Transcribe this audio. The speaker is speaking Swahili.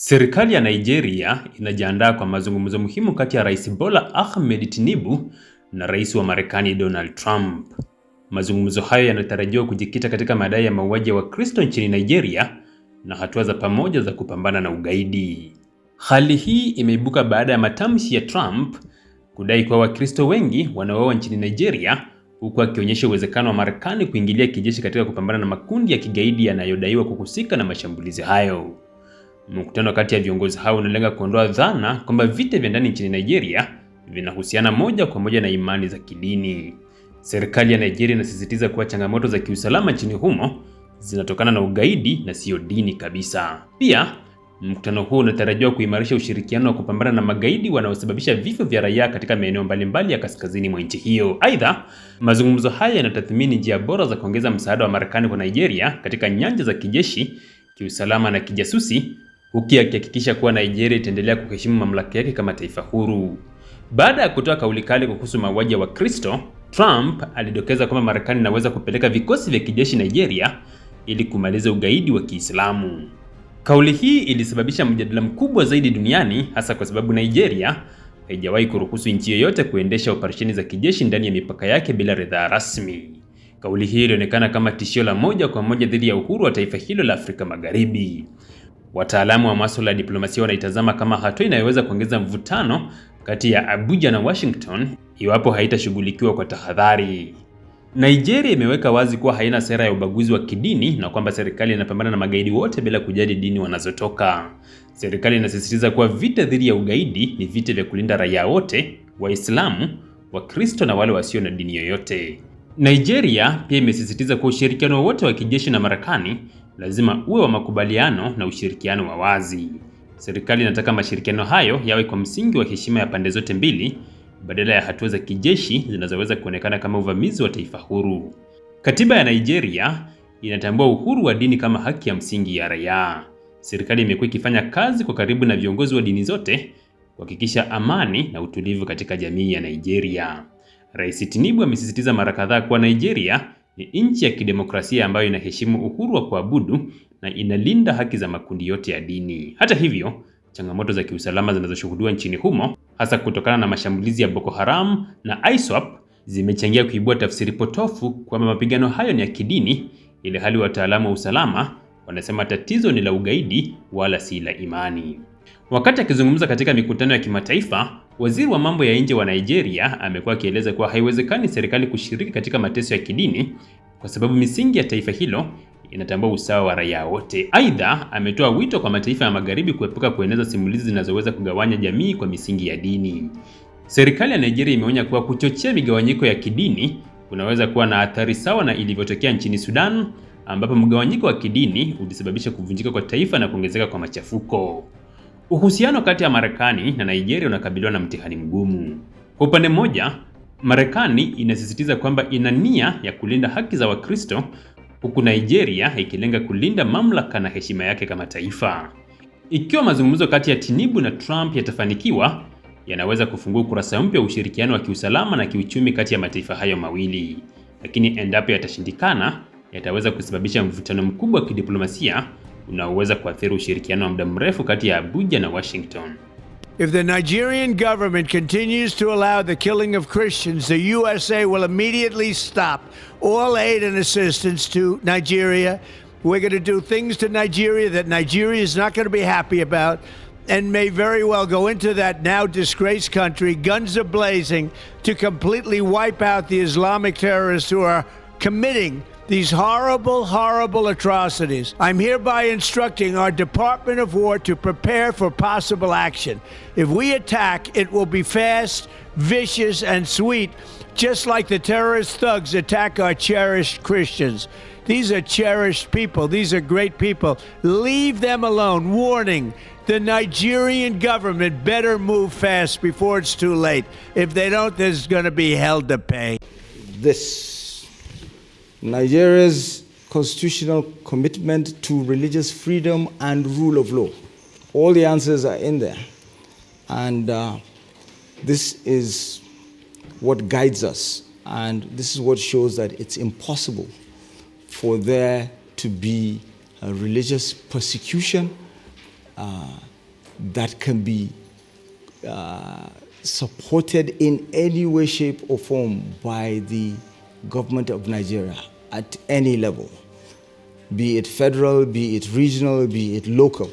Serikali ya Nigeria inajiandaa kwa mazungumzo muhimu kati ya Rais Bola Ahmed Tinubu na Rais wa Marekani Donald Trump. Mazungumzo hayo yanatarajiwa kujikita katika madai ya mauaji ya Wakristo nchini Nigeria na hatua za pamoja za kupambana na ugaidi. Hali hii imeibuka baada ya matamshi ya Trump kudai kuwa Wakristo wengi wanauawa nchini Nigeria, huku akionyesha uwezekano wa Marekani kuingilia kijeshi katika kupambana na makundi ya kigaidi yanayodaiwa kuhusika na mashambulizi hayo. Mkutano kati ya viongozi hao unalenga kuondoa dhana kwamba vita vya ndani nchini Nigeria vinahusiana moja kwa moja na imani za kidini. Serikali ya Nigeria inasisitiza kuwa changamoto za kiusalama nchini humo zinatokana na ugaidi na siyo dini kabisa. Pia mkutano huo unatarajiwa kuimarisha ushirikiano wa kupambana na magaidi wanaosababisha vifo vya raia katika maeneo mbalimbali ya kaskazini mwa nchi hiyo. Aidha, mazungumzo haya yanatathmini njia bora za kuongeza msaada wa Marekani kwa Nigeria katika nyanja za kijeshi, kiusalama na kijasusi huku akihakikisha kuwa Nigeria itaendelea kuheshimu mamlaka yake kama taifa huru. Baada ya kutoa kauli kali kuhusu mauaji ya Wakristo, Trump alidokeza kwamba Marekani inaweza kupeleka vikosi vya kijeshi Nigeria ili kumaliza ugaidi wa Kiislamu. Kauli hii ilisababisha mjadala mkubwa zaidi duniani hasa kwa sababu Nigeria haijawahi kuruhusu nchi yoyote kuendesha operesheni za kijeshi ndani ya mipaka yake bila ridhaa rasmi. Kauli hii ilionekana kama tishio la moja kwa moja dhidi ya uhuru wa taifa hilo la Afrika Magharibi. Wataalamu wa masuala ya diplomasia wanaitazama kama hatua inayoweza kuongeza mvutano kati ya Abuja na Washington iwapo haitashughulikiwa kwa tahadhari. Nigeria imeweka wazi kuwa haina sera ya ubaguzi wa kidini na kwamba serikali inapambana na magaidi wote bila kujali dini wanazotoka. Serikali inasisitiza kuwa vita dhidi ya ugaidi ni vita vya kulinda raia wote, Waislamu, Wakristo na wale wasio na dini yoyote. Nigeria pia imesisitiza kuwa ushirikiano wote wa kijeshi na Marekani lazima uwe wa makubaliano na ushirikiano wa wazi. Serikali inataka mashirikiano hayo yawe kwa msingi wa heshima ya pande zote mbili badala ya hatua za kijeshi zinazoweza kuonekana kama uvamizi wa taifa huru. Katiba ya Nigeria inatambua uhuru wa dini kama haki ya msingi ya raia. Serikali imekuwa ikifanya kazi kwa karibu na viongozi wa dini zote kuhakikisha amani na utulivu katika jamii ya Nigeria. Rais Tinubu amesisitiza mara kadhaa kuwa Nigeria ni nchi ya kidemokrasia ambayo inaheshimu uhuru wa kuabudu na inalinda haki za makundi yote ya dini. Hata hivyo, changamoto za kiusalama zinazoshuhudiwa nchini humo hasa kutokana na mashambulizi ya Boko Haram na ISWAP zimechangia kuibua tafsiri potofu kwamba mapigano hayo ni ya kidini, ili hali wataalamu wa usalama wanasema tatizo ni la ugaidi wala si la imani. Wakati akizungumza katika mikutano ya kimataifa, Waziri wa mambo ya nje wa Nigeria amekuwa akieleza kuwa haiwezekani serikali kushiriki katika mateso ya kidini kwa sababu misingi ya taifa hilo inatambua usawa wa raia wote. Aidha, ametoa wito kwa mataifa ya magharibi kuepuka kueneza simulizi zinazoweza kugawanya jamii kwa misingi ya dini. Serikali ya Nigeria imeonya kuwa kuchochea migawanyiko ya kidini kunaweza kuwa na athari sawa na ilivyotokea nchini Sudan ambapo mgawanyiko wa kidini ulisababisha kuvunjika kwa taifa na kuongezeka kwa machafuko. Uhusiano kati ya Marekani na Nigeria unakabiliwa na mtihani mgumu. Kwa upande mmoja, Marekani inasisitiza kwamba ina nia ya kulinda haki za Wakristo, huku Nigeria ikilenga kulinda mamlaka na heshima yake kama taifa. Ikiwa mazungumzo kati ya Tinubu na Trump yatafanikiwa, yanaweza kufungua ukurasa mpya wa ushirikiano wa kiusalama na kiuchumi kati ya mataifa hayo mawili. Lakini endapo yatashindikana, yataweza kusababisha mvutano mkubwa wa kidiplomasia unaoweza kuathiri ushirikiano wa muda mrefu kati ya Abuja na Washington. If the Nigerian government continues to allow the killing of Christians, the USA will immediately stop all aid and assistance to Nigeria. We're going to do things to Nigeria that Nigeria is not going to be happy about and may very well go into that now disgraced country, guns ablazing, blazing, to completely wipe out the Islamic terrorists who are committing these horrible, horrible atrocities, I'm hereby instructing our Department of War to prepare for possible action. If we attack, it will be fast, vicious, and sweet, just like the terrorist thugs attack our cherished Christians. These are cherished people. These are great people. Leave them alone. Warning the Nigerian government better move fast before it's too late. If they don't, there's going to be hell to pay. This Nigeria's constitutional commitment to religious freedom and rule of law. All the answers are in there. And uh, this is what guides us. And this is what shows that it's impossible for there to be a religious persecution uh, that can be uh, supported in any way, shape, or form by the government of Nigeria at any level, be it federal, be it regional, be it local.